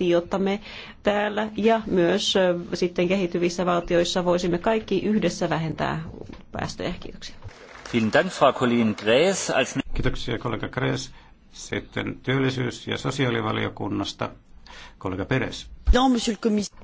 jotta me täällä ja myös sitten kehittyvissä valtioissa voisimme kaikki yhdessä vähentää päästöjä. Kiitoksia. Kiitoksia kollega Krees. Sitten työllisyys- ja sosiaalivaliokunnasta kollega Peres.